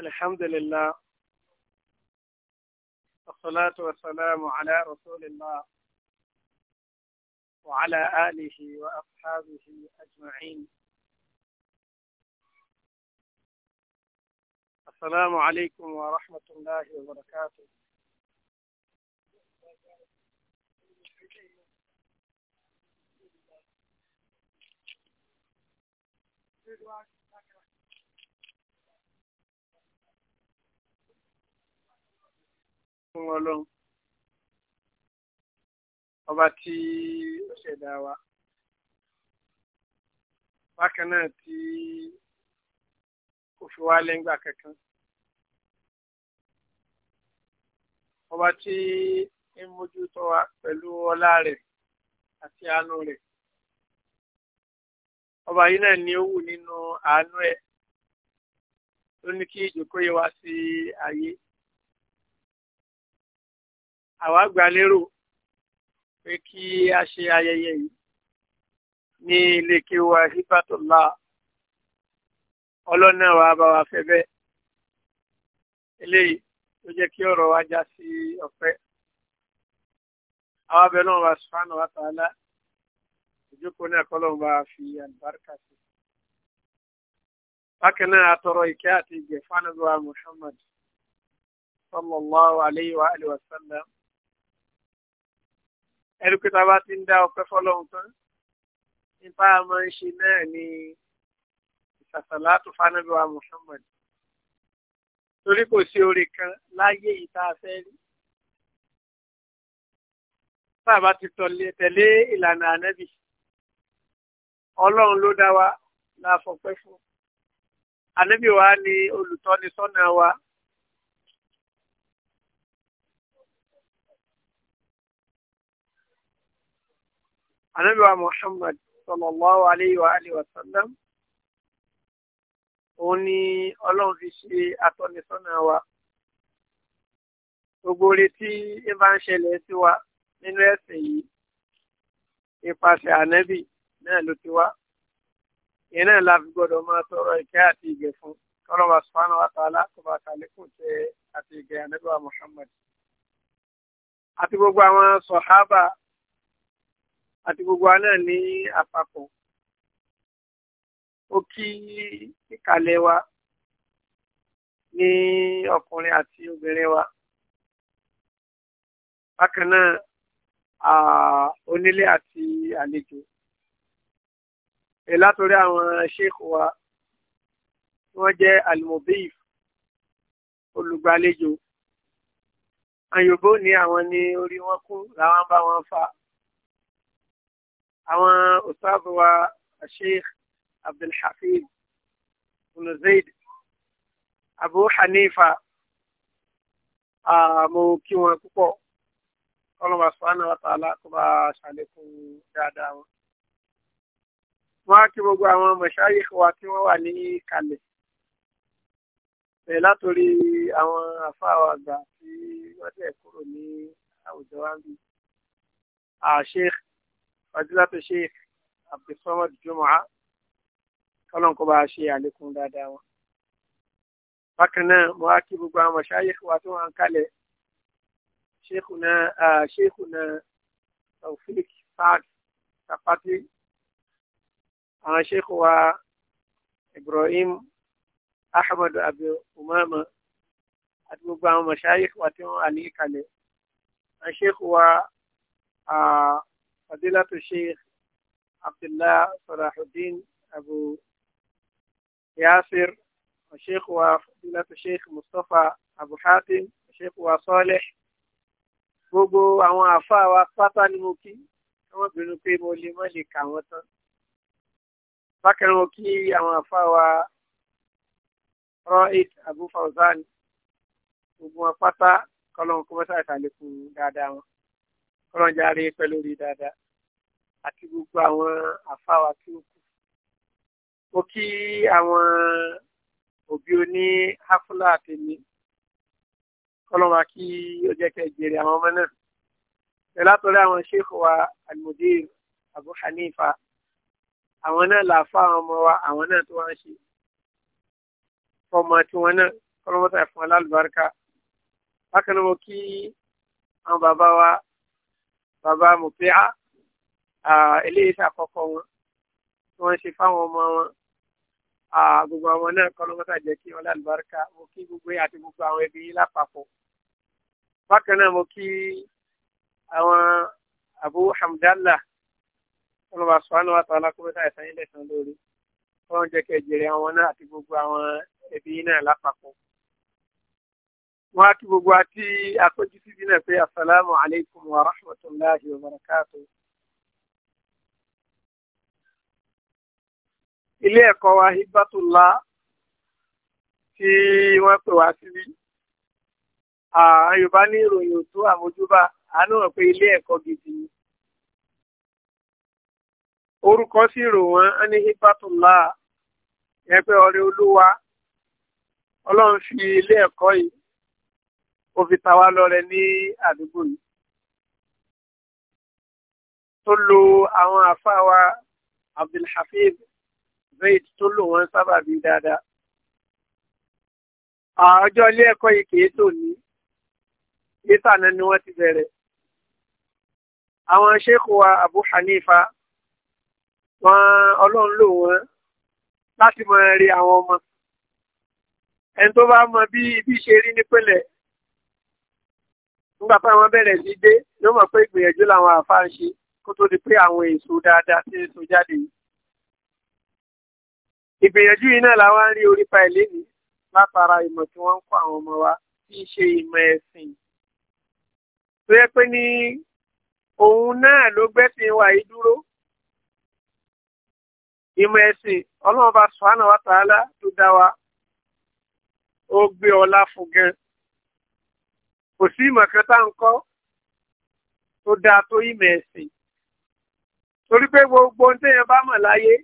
الحمد لله والصلاة والسلام على رسول الله وعلى آله وأصحابه أجمعين السلام عليكم ورحمة الله وبركاته Good luck. fún ọlọ́run ọba tí ó ṣẹ̀dá wa bákan náà tí kò fi wá lẹ́ngbà kankan ọba tí ń mójútó wa pẹ̀lú ọlá rẹ̀ àti àánú rẹ̀ ọba yìí náà ni ó wù nínú àánú ẹ̀ ló ní kí ìjòkó wá sí ayé àwa gbà lérò pé kí a ṣe ayẹyẹ yìí ní ilé kí wa hibatullah ọlọ́nà wa bá wa fẹ́ bẹ́ẹ̀ eléyìí ló jẹ́ kí ọ̀rọ̀ wa já sí ọ̀fẹ́ àwọn abẹ náà wa subhanahu wa ta'ala ìjókòó náà kọ́ lóun bá fi àlùbáríkà sí bákan náà atọrọ ìkẹ́ àti ìgbẹ́ fánàlúwa Muhammad sallallahu alayhi wa alihi wa sallam ẹ̀rí pé tá a bá ti ń dá ọpẹ́ fọlọ́run tán nípa àmọ́ ń náà ni ìsàsàlátù fanabi wa Muhammad torí kò sí oore kan láyé ìta afẹ́ rí tá a bá ti tẹ̀lé ìlànà ànábì ọlọ́run ló dá wa la fọpẹ́ fún ànábì wa ni olùtọ́ni sọ́nà wa. ànábì wa Muhammad sallallahu alayhi wa alihi wa sallam òun ni ọlọ́run fi ṣe atọ́nisọ́nà wa gbogbo orí tí ń bá ń ṣẹlẹ̀ sí wa nínú ẹ̀sìn yìí ipasẹ̀ ànábì náà ló ti wá ìyẹn náà la fi gbọ́dọ̀ máa tọrọ ìkẹ́ àti ìgẹ̀ fún kọ́lọ́mà sùpánù àtàlà kò bá kàlékùn tẹ àti ìgẹ̀ ànábì Muhammad àti gbogbo àwọn sọ̀hábà àti gbogbo wa náà ní àpapọ̀ ó kí ìkàlẹ̀ wa ní ọkùnrin àti obìnrin wa bákan náà onílé àti àlejò látòrí àwọn ṣéèkù wa tí wọ́n jẹ́ alimobeif olùgbàlejò àyòbó ni àwọn ní orí wọn kú làwọn bá wọn fà àwọn ustaz wa sheikh abdulhafiz ibn zayd abu hanifa mo kí wọn púpọ̀ kọlọmọ sùpánà wa tààlà kó bá ṣàlékún dáadáa wọn. wọn á kí gbogbo àwọn mọṣáyìí wa tí wọn wà ní kalẹ̀ látòrí àwọn afáwà àgbà tí wọ́n tẹ̀ kúrò ní àwùjọ wa ń bí. Sheikh fadilatu sheikh abdulsamad jumua kọlọ́n kó bá a ṣe àlékún dáadáa wọn. bákan náà mo á kí gbogbo àwọn mọ̀ṣáyẹ̀kì wa tó wà ń kalẹ̀ sheikhuna sheikhuna taufik saad sapati àwọn sheikh wa ibrahim ahmed abu àti gbogbo àwọn mọ̀ṣáyẹ̀kì wa tó wà ní kalẹ̀ àwọn sheikh wa. فضيلة الشيخ عبد الله صلاح الدين أبو ياسر الشيخ وفضيلة الشيخ مصطفى أبو حاتم الشيخ وصالح gbogbo àwọn àáfàá wa pátá ni mo kí wọn bínú pé mo lè má lè kà wọn tán bákan mo kí àwọn àáfàá wa rohit abu fauzan gbogbo wọn pátá kọlọm kọmọsáì sàlékún dáadáa wọn kọ́lọ́njà rí pẹ̀lú rí dáadáa àti gbogbo àwọn àfáwà tí ó kù. Mo kí àwọn òbí oní Háfúlà àtẹ̀mí kọ́lọ́wà kí ó jẹ́ kẹ́ àwọn ọmọ náà. Ẹ látọ̀rí àwọn ṣéèkù wa Almudir Abu Hanifa àwọn náà làáfà àwọn ọmọ wa àwọn náà tó wá ń ṣe. Fọmọ tiwọn náà kọ́lọ́wọ́ta ẹ̀fọn alálùbáríkà. Bákan náà mo kí àwọn bàbá wa bàbá mùfíà eléyìí ṣàkọ́kọ́ wọn tí wọ́n ṣe fáwọn ọmọ wọn gbogbo àwọn náà kọ́ lọ́mọ́tà jẹ́ kí wọ́n lálùbáríkà mo kí gbogbo àti gbogbo àwọn ẹbí lápapọ̀ bákan náà mo kí àwọn Abu Hamdallah ọlọ́ba sọ́hánù wa tọ́lá kó mẹ́ta ẹ̀sán yín lẹ́sàn lórí wọ́n jẹ́ kẹ́ jèrè àwọn náà àti gbogbo àwọn ẹbí náà lápapọ̀. wọ́n á kí gbogbo àti àkójú na náà pé asalaamu alaykum wa rahmatulahi wa barakatu. ilé ẹ̀kọ́ wa hibatullah ti wọ́n pè wá síbí yorùbá ní ìròyìn òtú àmójúbà àánú hàn pe ilé gidi ni orúkọ rò á ní hibatullah ọrẹ olúwa ó fi ta wá lọ́rẹ ní àdúgbò yìí tó lo àwọn àfáwa abdulhafiz zaid tó lò wọ́n sábà bí dáadáa ọjọ́ ilé ẹ̀kọ́ yìí kìí tò ní ìtànà ni wọ́n ti bẹ̀rẹ̀ àwọn ṣéèkù wa abu hanifa wọn ọlọ́run lò wọ́n láti mọ rí àwọn ọmọ ẹni tó bá mọ bí ibi ṣe rí nípínlẹ̀ nígbà táwọn bẹ̀rẹ̀ sí dé ló mọ̀ pé ìgbìyànjú làwọn àáfàá ń ṣe kó tó di pé àwọn èso dáadáa sí èso jáde yìí. ìgbìyànjú yìí náà làwọn ń rí orí pa ìlé mi látara ìmọ̀ tí wọ́n ń kó àwọn ọmọ wa tí í ṣe ìmọ̀ ẹ̀sìn. tó yẹ pé ní òun náà ló gbẹ́sìn wa yìí dúró. ìmọ̀ ẹ̀sìn ọlọ́run bá subhanahu wa ta'ala tó dá wa ó gbé ọlá fún gan kò sí ìmọ̀ kan tá à ń kọ́ tó dáa tó ìmọ̀ ẹ̀sìn torí pé gbogbo ohun téèyàn bá mọ̀ láyé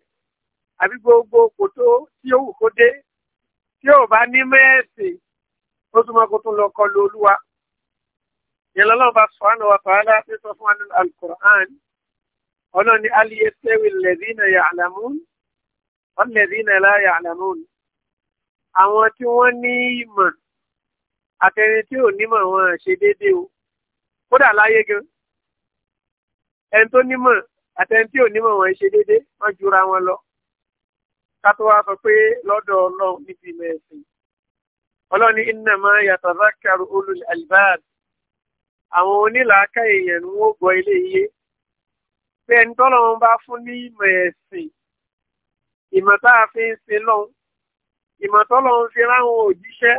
àbí gbogbo kòtó tí ó wù kó dé tí ò bá ní mẹ́ẹ̀sìn ó tún máa kó tún lọ kọlu olúwa yẹn lọ́lọ́run bá subhanahu wa ta'ala pé sọ fún wa nínú alukur'an ọlọ́run ní aliyesewi lẹ́dínà ya'lamun ọlẹ́dínà la ya'lamun àwọn tí wọ́n ní ìmọ̀ àtẹni tí ò nímọ̀ wọn ṣe déédéé o kódà láyé gan ẹni tó nímọ̀ àtẹni tí ò nímọ̀ wọn ṣe déédéé wọ́n jura wọn lọ ká tó wá sọ pé lọ́dọ̀ ọlọ́run níbi ìmọ̀ ẹ̀sìn ọlọ́ni innama yatazakkaru ulul albab àwọn onílàákà èèyàn ni wọ́n gbọ́ ilé iye pé ẹni tọ́lọ́run bá fún ní ìmọ̀ ẹ̀sìn ìmọ̀ tá a fi ń sin lọ́hùn ìmọ̀ tọ́lọ́run fi ráwọn òjíṣẹ́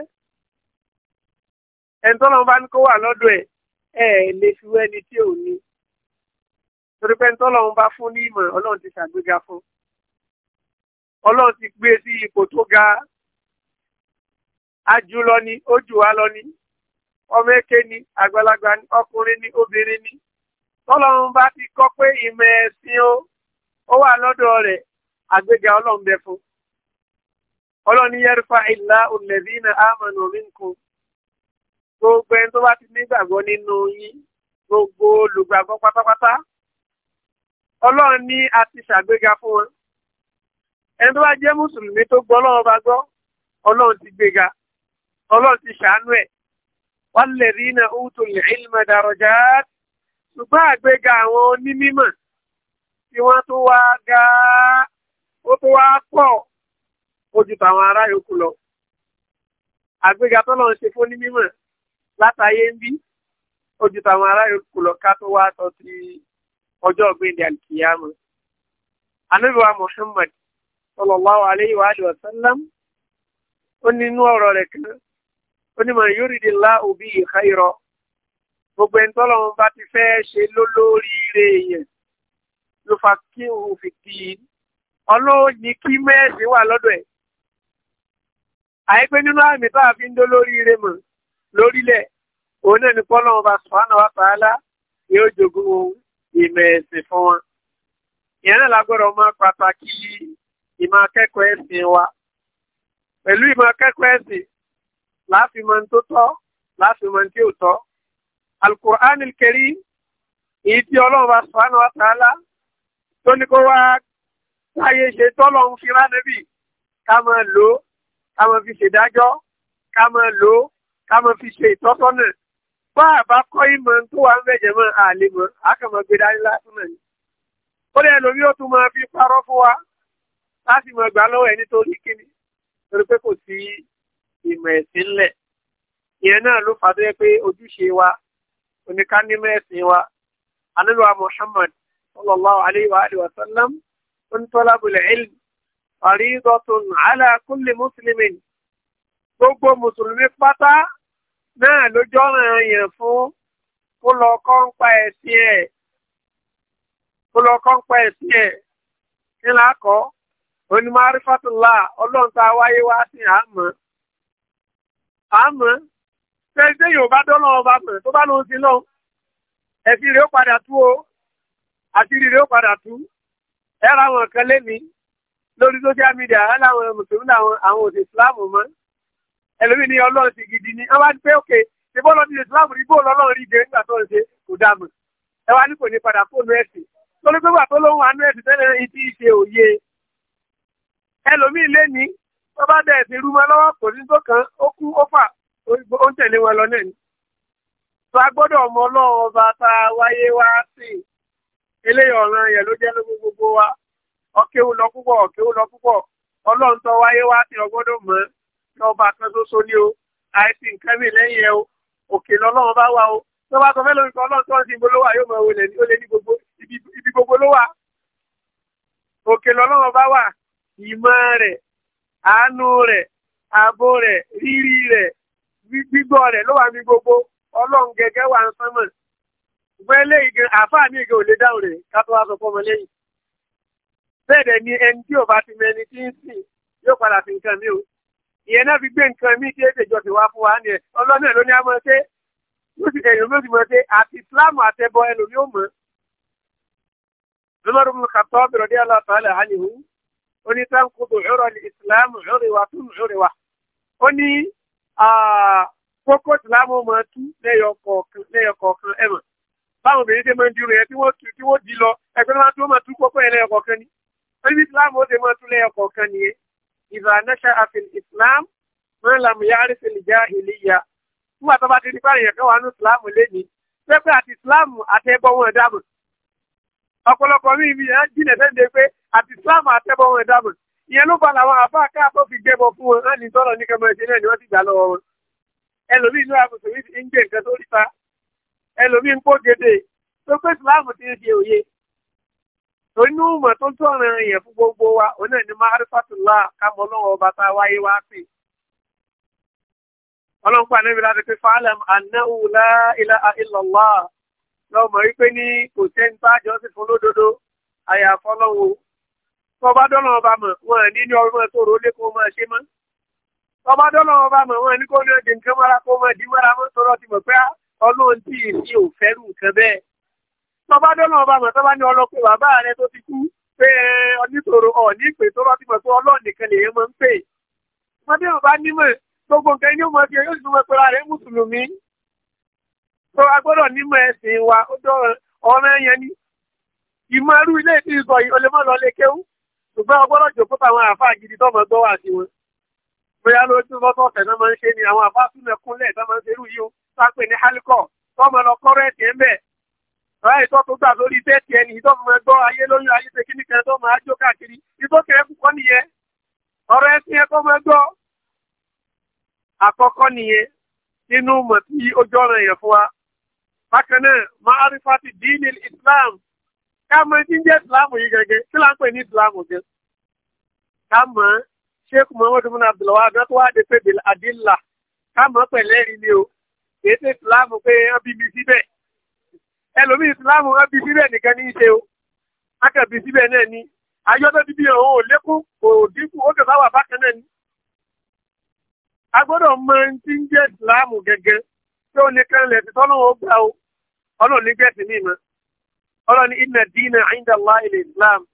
ẹni tọ́lọ́ bá ní kó wà lọ́dọ̀ ẹ̀ ẹ̀ lè fi wẹ́ ẹni tí ò ní torí pé bá fún ní ìmọ̀ ọlọ́run ti ṣàgbéga fún ọlọ́run ti gbé sí ipò tó ga ajú lọ ni ó jù lọ ni ọmọ ni àgbàlagbà ni ọkùnrin ni obìnrin ni tọ́lọ́run bá ti kọ́ pé o gbogbo ẹni tó bá ti nígbàgbọ́ nínú yín gbogbo olùgbàgbọ́ pátápátá ọlọ́run ní a ti ṣàgbéga fún wọn ẹni tó bá jẹ́ mùsùlùmí tó gbọ́ ọlọ́run bá gbọ́ ọlọ́run ti gbéga ọlọ́run ti ṣàánú ẹ̀ walladhina utul ilma darajat ṣùgbọ́n àgbéga àwọn onímímọ̀ tí wọ́n tó wá ga ó tó wá pọ̀ ojú tàwọn ará yòókù lọ àgbéga tọ́lọ́run ṣe fún onímímọ̀ látàyé ń bí ojú táwọn ará yòókù lọ ká tó wá sọ sí ọjọ́ ọ̀gbìndì àlùkìyàmù. anábìwá Muhammad sallallahu alayhi wa alihi wa sallam ó ní inú ọ̀rọ̀ rẹ̀ kan ó ní man yuridillahu bihi khayra gbogbo ẹni tọ́lọ́run bá ti fẹ́ ṣe lólóríire èèyàn ló fa kí òun fi kí i ọlọ́ọ̀ni kí mẹ́ẹ̀sì wà lọ́dọ̀ ẹ̀ àìpé nínú àmì tá a ń dólóríire mọ̀ lórílẹ̀ òun náà ni kọ́lọ́run bá sùpánà wá tààlà yóò jogún ìmọ̀ ẹ̀sìn fún wọn. ìyẹn náà lágbọ́dọ̀ máa pàtàkì ìmọ̀ akẹ́kọ̀ọ́ ẹ̀sìn wa. pẹ̀lú ìmọ̀ akẹ́kọ̀ọ́ ẹ̀sìn láàfin mọ̀ tó tọ́ láàfin mọ̀ tí ò tọ́. alukur'an Karim èyí tí ọlọ́run bá sùpánà wá tààlà tó ní kó wá táyé ṣe tọ́lọ́run fi ránẹ́bì ká máa lò ó ká máa fi ṣèdájọ́ ká máa lò ó ká máa fi ṣe ìtọ́sọ́nà bá a bá kọ́ ìmọ̀ tó wà ń bẹ̀jẹ̀ mọ́ àlè mọ́ a kàn máa gbé dání lásán náà ni. ó lè lómi ó tún máa fi parọ́ fún wa láti mọ̀ gbà lọ́wọ́ ẹ̀ nítorí kíni torí pé kò sí ìmọ̀ ẹ̀sìn ńlẹ̀ ìyẹn náà ló fà tó pé ojúṣe wa oníkánímọ̀ ẹ̀sìn wa anábíwá Muhammad sallallahu alayhi wa alihi wa sallam ń tọ́lá bulẹ̀ ilm faridatun ala kulli muslimin gbogbo mùsùlùmí pátá náà lójọ́ ràn yàn fún kó lọ kọ́ ń pa ẹ̀sìn ẹ̀ kó lọ kọ́ ń pa ẹ̀sìn ẹ̀ kí là á kọ́ onímọ̀ arífàtúlá ọlọ́run tá a wáyé wá sí àmọ́ àmọ́ tẹ́lifíṣẹ́ yorùbá dọ́lọ́ ọba mọ̀ tó bá lóun sí lọ ẹ̀sìn rèé padà tú o àti rèé padà tú ẹ̀rọ àwọn kan lé lórí social media ẹ̀rọ àwọn mùsùlùmí làwọn àwọn òsì islam mọ́ ẹlòmí ni ọlọ́run ti gidi ni wọ́n bá pé òkè ṣe bọ́ọ̀lù ọdún islam rí bóòlù ọlọ́run rí jẹ nígbà tó ń ṣe kò dààmú ẹ wá ní kò ní padà fóònù ẹ̀sìn lórí pé wà tó lóhun àánú ẹ̀sìn tẹ́lẹ̀ ní ti òye ẹlòmí lé ní wọ́n bá bẹ̀rẹ̀ sí rúmọ lọ́wọ́ kò ní tó kan ó kú ó fà ó ń tẹ̀lé wọn lọ náà ni. sọ agbọ́dọ̀ ọmọ ọlọ́run ọba tá wáyé wá sí ọba kan ṣoṣo ni o àìsí nǹkan mi lẹ́yìn ẹ o òkè lọ́lọ́run bá wà o tó bá sọ fẹ́ lórí kan ọlọ́run tó ń sin gbólówà yóò mọ̀ olè ní olè ní gbogbo ibi gbogbo ló wà òkè lọ́lọ́run bá wà ìmọ̀ rẹ̀ àánú rẹ̀ ààbò rẹ̀ rírí rẹ̀ gbígbọ́ rẹ̀ ló wà ní gbogbo ọlọ́run gẹ́gẹ́ wà ń sánmọ̀ ṣùgbọ́n eléyìí gan àfáà mi gan ò lè dáhùn rẹ̀ ká tó wá sọ fọmọ lẹ́yìn bẹ́ẹ̀ dẹ̀ ni ẹni tí ò bá ti mẹni tí ń sìn yóò padà fi nǹkan mi o ìyẹn náà fi gbé nǹkan mí tí èdè ìjọ ti wá fún wa ni ẹ ọlọ́nà ló ní a máa ṣe yóò sì ẹ̀yìn ló sì máa ṣe àti ìsìláàmù àtẹbọ ẹlòmí ò mọ̀. lọ́lọ́run mi kà tọ́ bẹ̀rọ̀ dé aláta alẹ́ àníhù ó ní sáà kó tó ìrọ̀ ní ìsìláàmù ìrìwà tún ìrìwà ó ní kókó ìsìláàmù máa tú lẹ́yọ kọ̀ọ̀kan ẹ̀mọ̀ báwọn obìnrin ṣe máa ń dirun yẹn tí wọ́n di lọ ẹgbẹ́ ni ìzà nẹ́ṣẹ́ àfi islam mẹ́lẹ̀mù yára fi lè já ìlíya fún àtọ́ba ti di pàrọ̀ yẹn kẹwàá ní islam lẹ́ni pẹ́pẹ́ àti islam àtẹ́bọ̀ wọn dàmù ọ̀pọ̀lọpọ̀ mi mi yẹn jìnà sẹ́ńdẹ̀ pé àti islam àtẹ́bọ̀ wọn dàmù ìyẹn ló bá làwọn àbá káàtó fi gbẹbọ fún wọn láti tọrọ ní kẹmọ ẹsẹ náà ni wọn ti gbà lọ́wọ́ wọn ẹlòmíì ní àbùsùn ń gbé nǹkan tó rí ta ẹlòmíì ń kó gèdè tó pé islam ti ń ṣe òye inú mọ̀ tó tọ̀ràn yẹn fún gbogbo wa òun náà ni ma'rifatullah kámọ́ ọlọ́run ọba tá a wáyé wá pè. ọlọ́run pa níbi láti pé fa'lam annahu la ilaha illallah lọ́mọ wípé ní kò sẹ́ni bá jọ sí fún lódodo àyàfọ́ lọ́wọ́ tó bá dọ́nà ọba mọ̀ wọn ní ní ọmọ tó rò lé kó máa ṣe mọ́ tó bá dọ́nà ọba mọ̀ wọn ní kó ní ọdẹ nǹkan mọ́ra kó máa dì mọ́ra mọ́ tọba dọ́nà ọba mọ̀ tọba ní ọlọ́pẹ́ bàbá rẹ tó ti kú pé oníṣòro ọ̀ní ìpè tó rọ́ọ̀tì mọ̀ pé ọlọ́ọ̀ nìkan lèyẹn máa ń pè. wọ́n dé ọba nímọ̀ gbogbo nǹkan ní ọmọ bíi yóò dúró pẹ́ra rẹ̀ mùsùlùmí. tó a gbọ́dọ̀ nímọ̀ ẹ̀sìn wa ó dọ̀ ọ̀rọ̀ ẹ̀yẹn ni. ìmọ̀ ẹrú ilé ìdí ìsọ̀ yìí olè kéwú ṣùgbọ́n ọgbọ́dọ̀ jòkó táwọn àáfàá gidi tọ́mọ gbọ́ wà sí wọn. bóyá lójú lọ́sọ̀ọ̀sẹ̀ náà máa ń ṣe ni àwọn àáfàá súnmẹ̀kúnlẹ̀ tó máa ń ṣerú yìí ó sápè ní hálíkọ̀ tọ́mọ lọ kọ́rọ̀ ẹ̀sìn ẹ̀ ọ̀rá ìtọ́ tó gbà lórí bẹ́ẹ̀tì ẹni ìtọ́ fún ẹgbọ́ ayé lóyún ayé ṣe kíní kan tó máa jó káàkiri ìtọ́ kẹ́ẹ̀kù kọ́ nìyẹn ọ̀rọ̀ ẹ̀sìn ẹ̀kọ́ máa gbọ́ àkọ́kọ́ nìyẹn nínú mọ̀ tí ó jọ ọ̀rọ̀ yẹn fún wa bákan náà máa rí fati díìnì Islam ká mọ̀ tí jẹ́ Islam yìí gẹ́gẹ́ kí là ń pè ní Islam gẹ́ ká mọ̀ Sheikh Muhammad bin Abdullah abdul tó wá dé pé bil adilla ká mọ̀ pẹ̀lẹ́rìí ni o kì í ṣe Islam pé ẹbí mi síbẹ̀ ẹlòmí ìsìláàmù wọn bí síbẹ̀ nìkan ní í ṣe o akẹ́bí síbẹ̀ náà ni ayọ́dọ̀ bíbí ọ̀hún ò lékún kò dínkù ó kẹfà wà bákan náà ni. a mọ ti ń jẹ́ ìsìláàmù gẹ́gẹ́ tí ó nìkan lẹ̀ ti tọ́lọ́ wọn gbà o ọlọ́run ní gẹ̀ẹ́sì ní ìmọ̀ ọlọ́run ní ilẹ̀ ìsìláàmù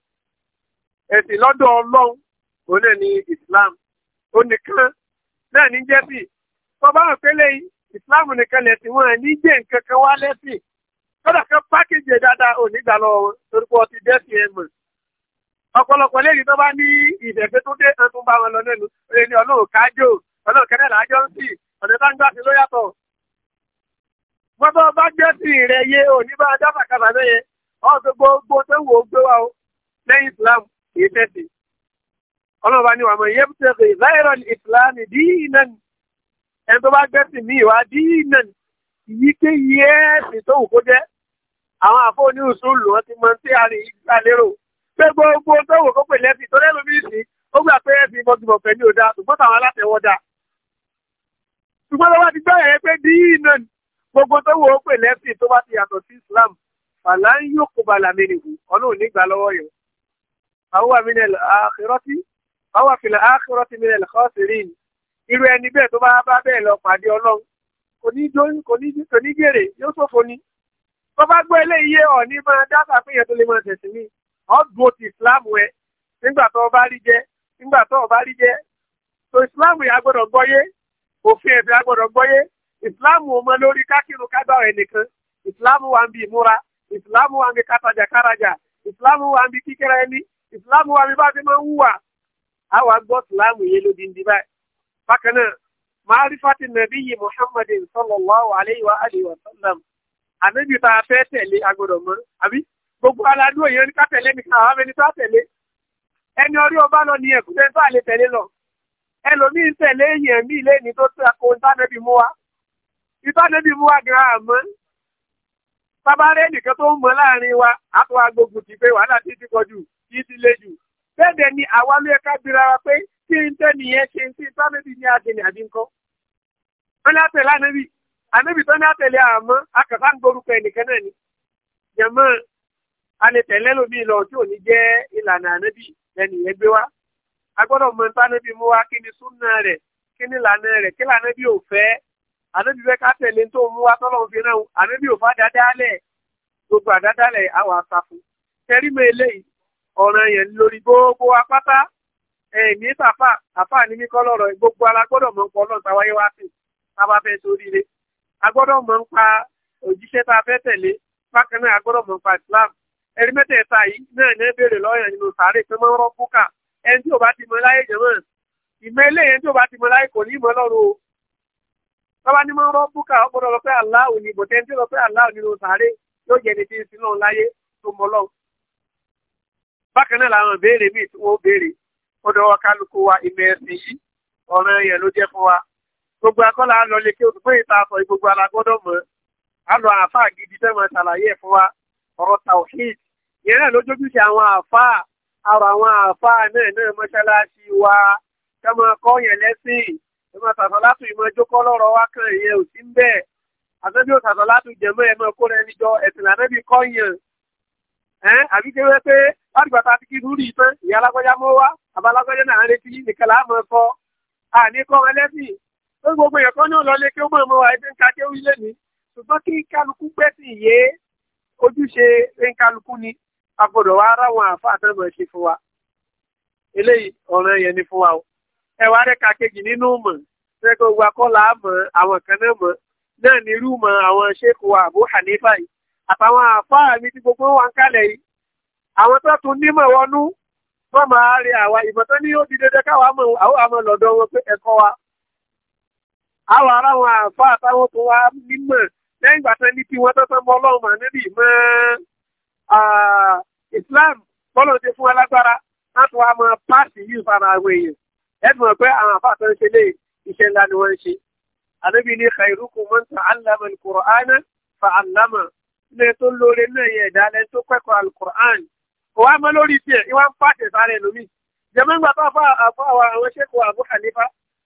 ẹ̀sìn lọ́dọ̀ ọlọ́run òun náà kódà kan pákéjì ẹ̀ dáadáa ò ní gbà lọ orúkọ ti dẹ́sí ẹ̀ mọ̀ ọ̀pọ̀lọpọ̀ lẹ́yìn tó bá ní ìdẹ̀gbẹ́ tó dé ẹ̀ tó bá wọn lọ lẹ́nu oye ní ọlọ́run kájò ọlọ́run kẹ́rẹ́ làájọ́ ń sì ọ̀nà bá ń gbà sí ló yàtọ̀ wọ́n bá bá gbẹ́sì rẹ̀ yé òní bá dáfàkàbà lóye ọ̀hún tó gbogbo tó wò ó gbé wa o lẹ́yìn Islam kì í tẹ̀sí ọlọ́run bá ní wàmọ̀ yẹ́ bí tẹ̀sí láìrọ̀ ní Islam dínan ẹni tó bá gbẹ́sì ní ìwà dínan ìyíkéyìí ẹ̀sìn tó wù kó àwọn àfọ́ ní ìṣúlù wọn ti mọ tí a rí gbà lérò pé gbogbo tọ́wọ̀ kó pè lẹ́fì tó lẹ́nu bí sí ó gbà pé ẹ̀fì bọ́gbọ̀n pẹ̀lú òdà ṣùgbọ́n tàwọn alátẹ̀wọ́ dà ṣùgbọ́n lọ́wọ́ ti gbọ́ ẹ̀yẹ pé díì náà gbogbo tọ́wọ̀ ó pè lẹ́fì tó bá ti yàtọ̀ sí Islam fàlà ń yóò kó balà mi nìkú ọlọ́run nígbà lọ́wọ́ yẹn àwọn àmìnẹ̀lẹ̀ àkìrọ́tì àwọn àfìlẹ̀ àkìrọ́tì mìnẹ̀lẹ̀ kọ́sìrín irú ẹni bẹ́ẹ̀ tó bá bá bẹ́ẹ̀ lọ tó bá gbọ́ eléyìí yé ọ̀ ní máa dábàá pé yẹn tó lè máa tẹ̀sí ní ọ̀dùn ẹ nígbà tó o bá rí jẹ nígbà tó o bá rí jẹ tó ìsìláàmù yà gbọ́dọ̀ gbọ́yé òfin ẹ̀fẹ̀ agbọ́dọ̀ gbọ́yé ìsìláàmù ò mọ lórí kákìrún wà ń bi ìmúra ìsìláàmù wà ń bi kátàjà kárajà wà ń bi ẹni bi máa ń àwa gbọ́ ànábì tá a fẹ́ tẹ̀lé agbọ́dọ̀ mọ́ àbí gbogbo aládùn èèyàn ní ká tẹ̀lé nìkan àwọn ẹni tó tẹ̀lé ẹni orí ọba lọ ni ẹ̀kú tẹ́ tó àlè tẹ̀lé lọ ẹlòmíì ń tẹ̀lé èèyàn míì lẹ́ni tó ta ko ìtànẹ́bì mú wa ìtànẹ́bì mú wa gan àmọ́ sábàárẹ̀ nìkan tó ń mọ láàrin wa àtọ́ agbógun ti pé wàhálà ti ti pọ̀jù kí ti le jù bẹ́ẹ̀ ni àwa ló yẹ ká bira wa pé kí n tẹ́ nìyẹn ṣe ń sí ìtànẹ́bì ní ànábì tó ní àtẹ̀lé àmọ́ akàfà ń gbórúkọ ẹnìkan náà ni jẹ̀mọ́ alẹ́ tẹ̀lé lómi lọ tí ò ní jẹ́ ìlànà ànábì lẹ́nu yẹn gbé mọ nípa mú wa kí ni súnà rẹ̀ kí ni ìlànà rẹ̀ kí lànà bí ò fẹ́ ànábì fẹ́ ká tó mú wá tọ́lọ́run fi náà ànábì ò fà dáadáalẹ̀ gbogbo àdáadáalẹ̀ àwọn àsàfù tẹ́rí mọ eléyìí a gbọ́dọ̀ mọ̀ ń pa òjíṣẹ́ tá a fẹ́ tẹ̀lé bákan náà a mọ̀ ń Islam ẹ̀rí mẹ́tẹ̀ẹ̀ta yìí náà ní béèrè lọ́yàn nínú sàárè pé mọ́ rọ́ búkà ẹni tí ò bá ti mọ láyé jẹ̀mọ́ ìmọ̀ ilé yẹn tí ò bá ti mọ láyé kò ní mọ́ lọ́rùn o tọ́ba ní mọ́ rọ́ búkà ó lọ pé aláwo ni bọ̀tẹ́ ẹni tí ó lọ pé aláwo nínú sàárè yóò jẹ́ ẹni tí ń sin lọ́run láyé tó mọ́ lọ́run. bákan náà làwọn béèrè míì tí wọ́n béèrè ó gbogbo akọ́là á lọ lè kí olùgbé ìta sọ gbogbo alágbọ́dọ̀ mọ̀ á lọ àáfàá gidi tẹ́wọ̀n ṣàlàyé ẹ̀ fún wa ọ̀rọ̀ tawhid ìyẹn náà lójójú àwọn àáfàá àrò àwọn àáfàá náà náà mọ́ṣáláṣí wa kẹ́mọ kọ́ yẹn lẹ́sìn ìmọ̀ sàtọ̀ látù ìmọ̀ jókòó lọ́rọ̀ wa kan ìyẹn ò sí ń àtẹ́bí ò sàtọ̀ látù jẹ̀mọ́ ẹ̀mọ́ kó rẹ níjọ ẹ̀sìn lànàbí kọ́ yẹn ẹ̀ àbí ké wẹ́ pé láti gbàtà àti kí rúurì tán ìyá mọ́ wa àbá náà nìkan láàmú ẹ̀kọ́ àní kọ́ wọn lẹ́sìn lórí gbogbo èèyàn kan ní òlọlé kí ó mọ̀ mọ́ wa ẹgbẹ́ ń ka kí ó wí lé ní ṣùgbọ́n kí kálukú gbẹ́sìn yé ojúṣe ń kálukú ni a gbọ́dọ̀ wá ara wọn àfa àtẹnumọ̀ ṣe fún wa eléyìí ọ̀ràn yẹn ni fún wa o ẹ wá rẹ ka kejì nínú mọ̀ ṣẹ́kọ̀ gbogbo akọ́là mọ̀ àwọn kan náà mọ̀ náà ní irú mọ̀ àwọn ṣéèkù wa Abu Hanifa yìí àtàwọn àfa mi ti gbogbo wa kálẹ̀ yìí àwọn tó tún nímọ̀ wọnú wọ́n máa rí àwa ìmọ̀tán ní ó di dandan káwa mọ̀ àwọn àmọ́ lọ́dọ̀ wọn pé ẹ̀kọ́ wa àwọn ará wọn àfa àtàwọn tó wá nímọ̀ lẹ́yìn ìgbà tán ní kí wọ́n tán tán mọ́ ọlọ́run ànẹ́bì mọ́ Islam bọ́lọ̀ ti fún alágbára láti wá mọ páàsì yìí fara àwọn èèyàn ẹ̀dùn pé àwọn àfa àtàn ṣe lé iṣẹ́ ńlá ni wọ́n ṣe ànẹ́bì ní khairukum man ta'allama al-Qur'ana fa'allama ilé tó lóore náà yẹ ẹ̀dá lẹ́ni tó kẹ́kọ̀ọ́ al-Qur'an òwò àmọ́ lórí tiẹ̀ ìwà ń pàṣẹ sáré lómi jẹ́mọ́ ìgbà tó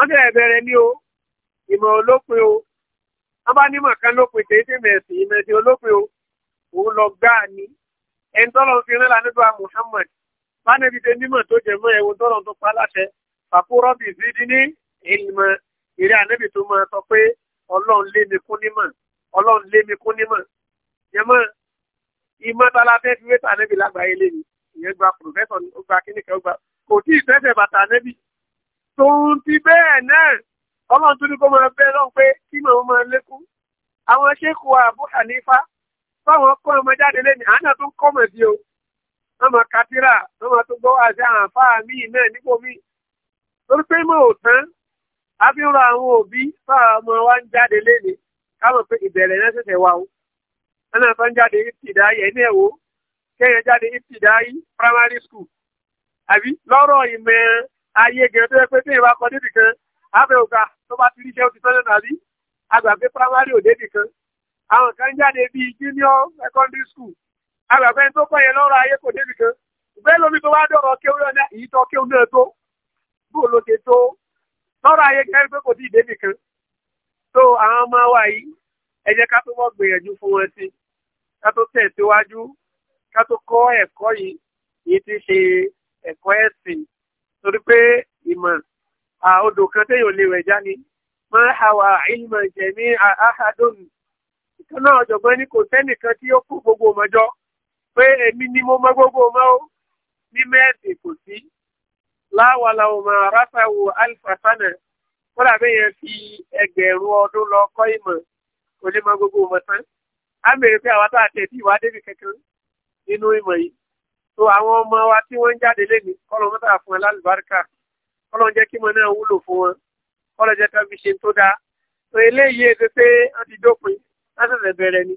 wọ́n tẹ̀lé bẹ̀rẹ̀ ní o ìmọ̀ olópin o wọ́n bá nímọ̀ kan lópin kéde mẹ̀sìn ìmẹ̀sìn olópin o òun lọ gbáà ni ẹni tọ́lọ̀ fi rẹ́ lánàá Muhammad bánẹ́bí tẹ nímọ̀ tó jẹ mọ́ ẹ̀wọ̀n tọ́lọ̀ tó pa láṣẹ pàpọ̀ rọ́bì zidi ní ìlmọ̀ ìrẹ́ ànẹ́bí tó máa sọ pé ọlọ́run lé mi kún nímọ̀ ọlọ́run lé mi kún nímọ̀ jẹmọ́ ìmọ̀ tala fẹ́ fi wé tànẹ́bí lágbàáyé lé mi ìyẹn gba pòfẹ́sọ̀ tòun ti bẹ́ẹ̀ náà ọlọ́run tó ní kó máa bẹ́ẹ̀ lọ́n pé kí màá máa lékún àwọn ṣéèkù àbú hànífà fáwọn kọ́ ọmọ jáde lẹ́nu àánà tó ń kọ́mọ̀ bí o ọmọ katira ọmọ tó gbọ́ àti àǹfà mi náà nípò mi torí pé mọ̀ ò tán a fi ń ra àwọn òbí fáwọn ọmọ wa ń jáde lẹ́nu káwọn pé ìbẹ̀rẹ̀ náà ṣẹ̀ṣẹ̀ wà o ẹnà tó ń jáde ìtìdáyì ẹni ẹ̀wò kẹ́yìn jáde ìtìdáyì primary school àbí lọ́rọ̀ ìmọ̀ ayé gẹ̀ẹ́ tó yẹ pé tí ìwà kọ níbì kan abẹ́ òga tó bá ti ríṣẹ́ ó ti tọ́lẹ̀ agbàgbé primary ò débì kan àwọn kan jáde bíi junior secondary school agbàgbé tó kọ́ yẹn lọ́rọ̀ ayé kò débì kan bẹ́ẹ̀ lómi tó wá dọ̀rọ̀ náà èyí tó kéwú lọ́rọ̀ ayé pé kò kan tó wa yìí ẹ jẹ́ ká tó torí pé ìmọ̀ àodò kan téèyàn lè wẹ̀ já ni máa hàwà ìmọ̀ ìjẹ̀mí àhádùn ìkan náà ọ̀jọ̀gbọ́n ní kò sẹ́nìkan tí ó kú gbogbo ọmọjọ́ pé èmi ni mo mọ gbogbo ọmọ ó ní mẹ́ẹ̀sì kò sí láwàlà ọmọ ráfàwò alifasana kódà bẹ́ẹ̀ yẹn fi ẹgbẹ̀rún ọdún lọ kọ́ ìmọ̀ kò ní mọ gbogbo ọmọ tán á mèrè pé àwọn tá a tẹ̀ ìwádìí kankan nínú ìmọ̀ yìí so àwọn ọmọ wa tí wọ́n ń jáde lẹ́nu kọ́lọ̀ mọ́tà fún ẹ lálùbáríkà kọ́lọ̀ jẹ́ kí wọn náà wúlò fún wọn kọ́lọ̀ jẹ́ tó fi ṣe tó dáa so eléyìí ètò pé wọ́n ti dópin wọ́n bẹ̀rẹ̀ ni.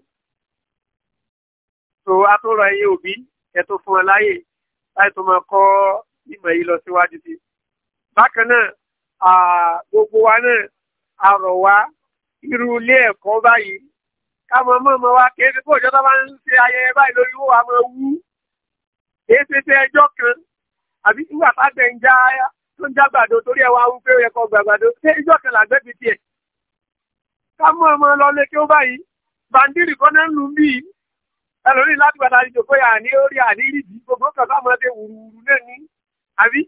so a tún rọ ẹyin òbí ẹ tó fún wọn láàyè láì tó máa kọ́ ìmọ̀ yìí lọ síwájú sí. bákan náà gbogbo wa náà a rọ̀ wá irú ilé ẹ̀kọ́ báyìí káwọn ọmọ ọmọ wa kì í ṣe kó ìjọba máa ń èsì ṣe ẹjọ́ kan àbí nígbà tá a bẹ̀ ń já tó ń já gbàdo torí ẹ̀ wá ń pé ẹ̀kọ́ gbàgbàdo ṣé ẹjọ́ kan làgbẹ́ fi tiẹ̀ ká mú ọmọ lọ lé kí ó báyìí bàndírì kan náà ń lu mí ẹlòmíì láti gbàdá àdìjọ pé àní orí àní rìbí gbogbo kan sáà máa ṣe wùrùwùrù náà ní àbí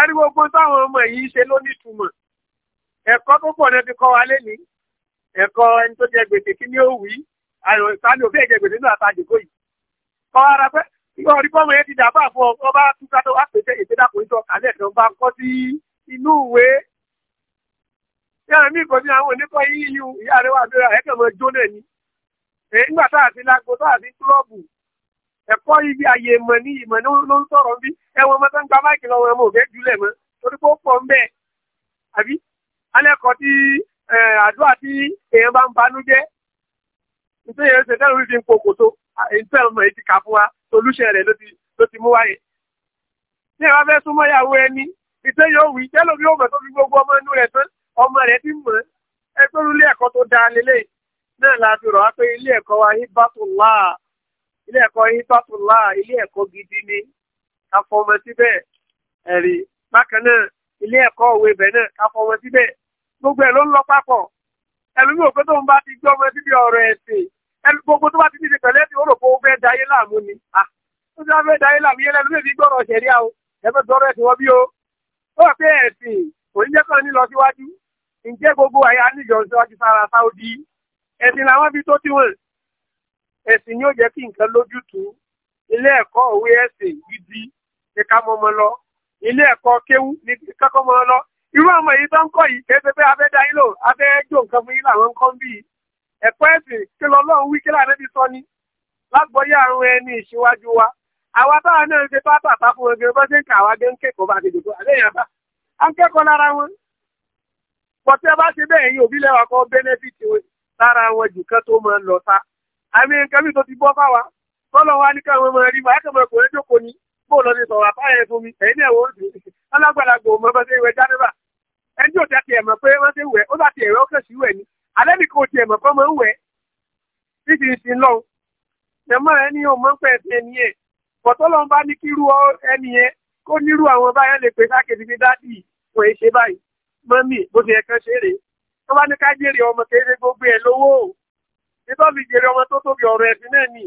ẹni gbogbo táwọn ọmọ yìí ṣe ló ní ẹ̀kọ́ tó pọ̀ náà ti kọ́ wa lẹ́ni ẹ̀kọ́ ẹni tó jẹ gbèsè kí ni ó wí àrùn ìsáni òfin ẹ̀jẹ̀ gbèsè náà àtàdìgò yìí kọ́ ara pẹ́ ìwọ rí bọ́ọ̀mù yẹn ti dàbà fún ọ ọba túká tó wá pèsè ìgbédàpọ̀ ìjọ kálẹ̀ tó ń bá kọ́ sí inú ìwé. ṣé àmì ìkọ́jú àwọn oníkọ́ yíyí yíyú ìyá rẹ̀ wà lórí ẹ̀kẹ́ mọ́ jó náà ni. nígbà tá a ti lágbo tá a ti kúlọ́ọ̀bù ẹ̀kọ́ ibi àyè ìmọ̀ ní ìmọ̀ ló ń sọ̀rọ̀ bí ẹ̀wọ̀n mọ́tò ń gba máìkì lọ́wọ́ ẹ̀mọ́ òbẹ́ jùlẹ̀ mọ́ torí pé ó pọ̀ ìtẹ́ ọmọ yìí ti kà fún wa solúṣẹ̀ rẹ̀ ló ti mú wáyé. Ní ìwà fẹ́ súnmọ́ ìyàwó ẹni, ìtẹ́ yóò wí, jẹ́lò bí òmò tó fi gbogbo ọmọ inú rẹ̀ tán, ọmọ rẹ̀ ti mọ̀ ẹ́. Ẹ tó lulẹ̀ ẹ̀kọ́ tó dáa lélẹ̀ náà la fi rọ̀ wá pé ilé ẹ̀kọ́ wa hibatullah, ilé ẹ̀kọ́ hibatullah, ilé ẹ̀kọ́ gidi ni, ká fọmọ síbẹ̀ ẹ̀rí. Bákan náà, ilé ẹ̀kọ́ òwe ibẹ̀ náà ká fọmọ síbẹ̀. Gbogbo ẹ̀ ló ń lọ papọ̀. Ẹlòmíì òpé tóun bá ti gbé ọmọ síbi ọ̀rọ̀ ẹ̀sìn ẹnu gbogbo tó bá ti níṣe pẹ̀lẹ́ ti rò pé ó fẹ́ dayé láàmú ni ó ti fẹ́ dayé láàmú yẹn lẹ́nu méjì gbọ́rọ̀ ṣẹ̀ríà o ẹgbẹ́ tọrọ ẹ̀sìn wọn bí o ó wà pé ẹ̀sìn òyìnbẹ́ kan ní lọ síwájú ǹjẹ́ gbogbo àyà níjọ síwájú sára sáódì ẹ̀sìn làwọn bí tó tiwọn ẹ̀sìn yóò jẹ́ kí nǹkan lójútùú ilé ẹ̀kọ́ òwe ẹ̀sìn gidi ní ká mọ́ ọmọ lọ ilé ẹ̀kọ́ kéwú ní ká kọ́ ọmọ lọ irú àwọn èyí tó ń kọ́ yìí kéde pé abẹ́ dayé lò abẹ́ jó nǹkan fún yín làwọn ẹ̀kọ́ ẹ̀sìn kí lọ́lọ́run wí kí lànàbí sọ ni lágbọ́yé àrùn ẹni ìṣíwájú wa àwa táwa náà ń ṣe bá bàbá fún wọn gẹ́gẹ́ bá ṣe ń kà wá gẹ́gẹ́ kẹ́kọ̀ọ́ bá ti dìbò àléèyàn bá à ń kẹ́kọ̀ọ́ lára wọn pọ̀tí ẹ bá ṣe bẹ́ẹ̀ yín òbí lẹ́wà kan bẹ́nẹ́fìtì lára wọn jù kan tó máa ń lọ ta àmì nǹkan mi tó ti bọ́ fáwa tọ́lọ̀ wa ní káwọn máa rí wa kẹ́mọ̀ kò ní jókòó ni bó lọ sí sọ̀rọ̀ àbáyẹ fún mi ẹ̀yin náà wọ́n ti alágbàlagbò mọ́ bá ṣe wẹ̀ jáde bá ò ni alẹ́ nìkan ò tiẹ̀ mọ̀ kọ́ máa ń wẹ̀ títí ti ń lọ ẹ̀mọ́ ẹni ò mọ̀ pẹ̀ sí ẹni ẹ̀ bọ̀tọ́lọ́n bá ní kírú ẹni yẹn kó nírú àwọn báyẹn lè pè sákèjì fi dádì wọ́n ṣe báyìí mọ́mì bó ṣe ẹ̀kan ṣe rèé tó bá ní ká jèrè ọmọ kéde gbogbo ẹ̀ lówó o nítorí fi jèrè ọmọ tó tóbi ọ̀rọ̀ ẹ̀sìn náà nì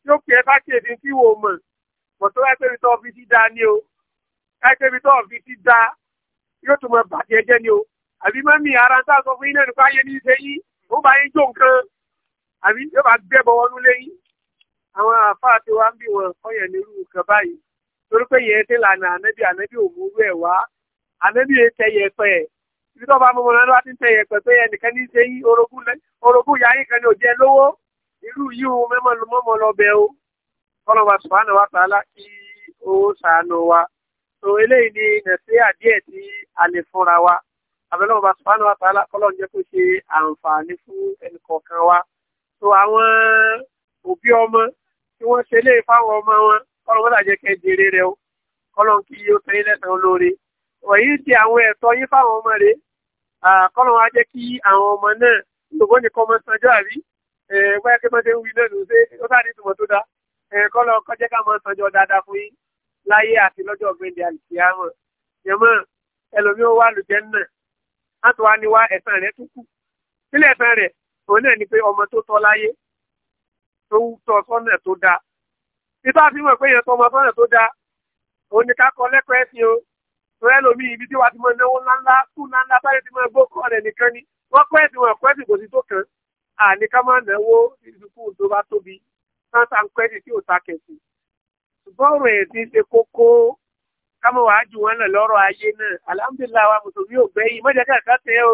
tí ó pè é sákèjì tí wò mọ̀ bọ̀tọ́ wáyé pébi tó fi ti dá ni o wáyé pébi tó fi ti dá yóò tún mọ bàjẹ́ jẹ́ ni o àbí mọ́mí ara ń sá sọ fún yín náà nípa ayé ní í ṣe yín ó bá yín jó nǹkan àbí yóò bá gbẹ́ bọ̀ wọnú léyìn àwọn àáfàá tí wàá ń bì wọn kọ́yẹ̀ nírú nǹkan báyìí torí pé yẹn ti lànà ànábì ànábì òmùrú ẹ̀ wá ànábì yẹn tẹ yẹpẹ ibi tó bá mọ̀mọ́ náà ti ń tẹ yẹpẹ pé ẹnìkan ní í yín orogún yáyé kan ní ò lówó irú yìí o mẹ́mọ́ mọ́mọ́ lọ bẹ o kọ́lọ́wà subhanahu wa ta'ala kí ó ṣàánú wa so eléyìí ni nàìjíríà díẹ̀ tí a fúnra wa abẹ́lẹ́wọ̀n bá sùpánù àtàlà kọ́lọ́ jẹ́ kó ṣe àǹfààní fún ẹnì kọ̀ọ̀kan wa so àwọn òbí ọmọ tí wọ́n ṣe lé fáwọn ọmọ wọn kọ́lọ́ mọ́tà jẹ́ kẹ́ jèrè rẹ o kọ́lọ́ kí yóò tẹ́yìn lẹ́sàn-án lóore wọ̀nyí ti àwọn ẹ̀tọ́ yín fáwọn ọmọ rẹ̀ kọ́lọ́ wa jẹ́ kí àwọn ọmọ náà gbogbo nìkan ọmọ sanjọ́ àbí bóyá kí wọ́n ṣe ń wà lùjẹ́ náà láti wá ní wá rẹ̀ tún kù sílẹ̀ ẹ̀san rẹ̀ òun náà ni pé ọmọ tó tọ́ láyé tó tọ́ sọ́nà tó dáa títà fi mọ̀ pé èèyàn tọ́ ọmọ sọ́nà tó dáa òun ni ká kọ́ lẹ́kọ̀ọ́ ẹ̀sìn o rẹ lómi ibi tí wàá ti mọ náwó ńláńlá kú ńláńlá báyìí ti mọ gbó kọ́ rẹ̀ nìkan ni wọ́n kọ́ ẹ̀sìn wọn kọ́ ẹ̀sìn kò sí tó kàn án àní ká má náwó ìdúkú tó bá tóbi sáńtà ń kámọ́ wàá jù wọ́n náà lọ́rọ̀ ayé náà alhamdulillah wa mùsùlùmí ò gbẹ́yìn mọ́jà kàkà tẹ o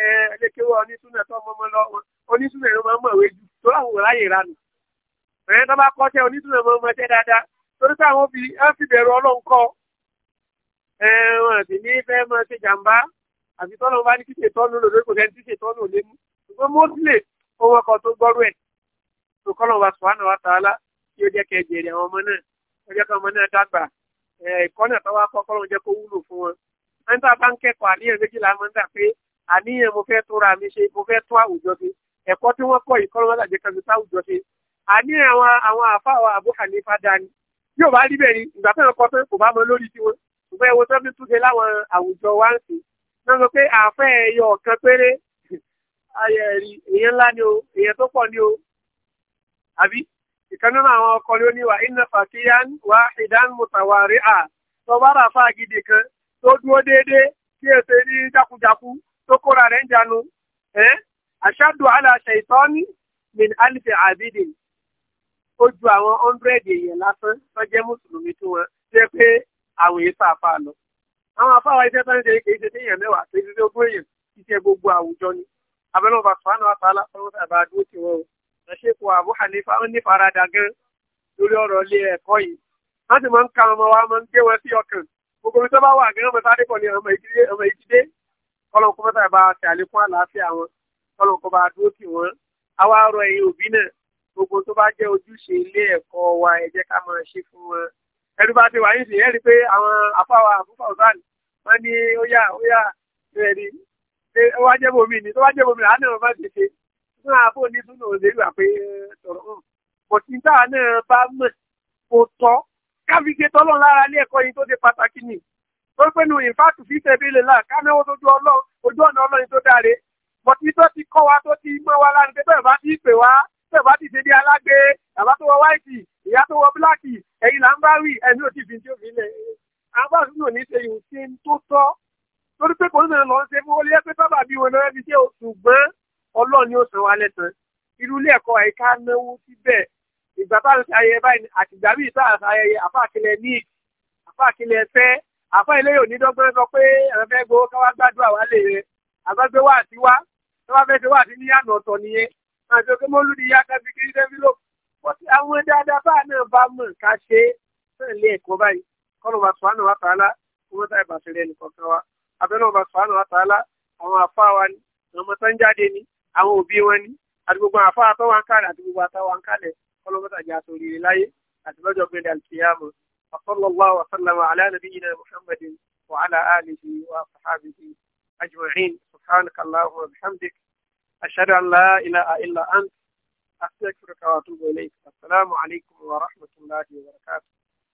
ẹ ẹlẹ́kẹ́wọ́ onísùnà tó ọmọ lọ onísùnà ló máa ń mọ̀wé jù tó àwọn òráyè ranù ẹ̀rẹ́ tó bá kọ́ tẹ onísùnà mọ́ ọmọ tẹ dáadáa torí pé àwọn obì á fi bẹ̀rù ọlọ́run kọ́ ẹ wọn àti ní fẹ́ mọ ṣe jàǹbá àti tọ́lọ́ bá ní kíkè tọ́nu lòdò kò sẹ́ni tíṣe tọ́nu òlé ìkọ́nà tó wá kọ́kọ́ ló jẹ́ kó wúlò fún wọn. wọ́n tá a bá ń kẹ́kọ̀ọ́ àníyàn méjìlá máa ń dà pé àníyàn mo fẹ́ tóra mi ṣe mo fẹ́ tó àwùjọ ṣe ẹ̀kọ́ tí wọ́n kọ́ ìkọ́nà máa dàjẹ́ kan tó àwùjọ ṣe. àníyàn àwọn àwọn àfa àwọn Abu Hanifa dání bí ò bá rí bẹ́ẹ̀ ni ìgbà tó ń kọ́ sóyún kò bá mọ lórí tiwọn ṣùgbọ́n ẹ̀wọ̀n tó fi túnṣe láwọn àwùjọ wa ń sìn náà sọ pé àfẹ́ ẹ̀yọ ọ̀kan péré ayẹ̀rí èèyàn ńlá ni o èèyàn tó pọ̀ ni o àbí ìkan nínú àwọn ọkọ ló wa iná fàkíyán wá ìdán mùtàwárí à tó bá rà fáà gidi kan tó dúró déédéé kí èso ní jákujáku tó kóra rẹ̀ ń janu ẹ́ àṣàdù aláṣẹ ìtọ́ni min alife abidi ó ju àwọn hundred èèyàn lásán tó jẹ́ mùsùlùmí tí wọ́n jẹ́ pé àwọn èèyàn fàáfà lọ. àwọn afáwa iṣẹ́ tó ń ṣe kì í ṣe sí èèyàn mẹ́wàá kì í ṣe ogún èèyàn iṣẹ́ gbogbo àwùjọ ni abẹ́lẹ́ wọn bá sọ́nà àtàlà fún ọ̀sẹ̀ àbá àdúgbò tiwọn o ṣẹ́kù Abu Hanifa ń ní farada gan lórí ọ̀rọ̀ ilé ẹ̀kọ́ yìí wọ́n sì máa ń ka ọmọ wa máa ń gbé wọn sí ọkàn gbogbo ibi tó bá wà gan ọmọ sáré pọ̀ ní ọmọ ìdílé ọmọ ìdílé kọ́lọ́n kó mọ́tà bá ṣe àlékún àlàáfíà wọn kọ́lọ́n kó bá dúró tì wọ́n àwa ọ̀rọ̀ ẹ̀yin òbí náà gbogbo tó bá jẹ́ ojúṣe ilé ẹ̀kọ́ wa ẹ jẹ́ ká máa ṣe fún wọn ẹnu bá ti wà yín sí ẹ rí i pé àwọn àfáwà àbúfà ọ̀sán wọn ní ó yà ó yà ẹ̀rí ó wá jẹ́ bòmí ni tó wá jẹ́ bòmí àánú ọmọ fún àbò ní súnà òṣèlú àpé sọ̀rọ̀ hàn bọ̀tí a náà bá mọ̀ kò tọ́ káfíńké tọ́lọ́ lára ilé ẹ̀kọ́ yìí tó ṣe pàtàkì nì tó pé nu ìfàtù fi tẹ̀lé lè là kánáwó tó ojú ọ̀nà ọlọ́run tó dáre bọ̀tí tó ti kọ́ wa tó ti mọ́ wa lára pé bẹ́ẹ̀ bá ti pè wá bẹ́ẹ̀ bá ti ṣe bí alágbe bàbá tó wọ wáìtì ìyá tó wọ bíláàkì ẹ̀yìn là ń bá wì ẹ̀mí ò ti fi tí ó fi lẹ̀ àwọn bá sùn ní ṣe ìhùn sí tó tọ́ torí pé kò ní lọ ṣe fún wọlé pé bábà bí ọlọ́run ni ó san wa lẹ́sàn-án irú ilé ẹ̀kọ́ àyíká náwó síbẹ̀ ìgbà tá a ṣayẹyẹ báyìí àtìgbà bíi tá a ṣayẹyẹ àfáàkìlẹ̀ ní àfáàkìlẹ̀ fẹ́ àfá ilé yóò ní dọ́gbọ́n sọ pé ẹ̀rọ fẹ́ gbowó káwá gbàdúrà wá lè rẹ àgbàgbé wà sí wá tó bá fẹ́ ṣe wà sí ní àná ọ̀tọ̀ nìyẹn àti òkè mọ́lúdi yá kábí kiri dẹ́bí lò wọ́n ti àwọn dáadáa bá náà bá mọ̀ ká ṣe é ẹ̀kọ́ báyìí àwọn òbí wọn ni àti gbogbo àfa àtọwà ń kálẹ̀ àti gbogbo àtàwà ń kálẹ̀ kọlọ́mọ́tàjà sóríire láyé àti lọ́jọ́ gbé alkiyama وصلى الله وسلم على نبينا محمد وعلى آله وصحابه أجمعين سبحانك اللهم وبحمدك أشهد أن لا إله إلا أنت أستغفرك وأتوب إليك السلام عليكم ورحمة الله وبركاته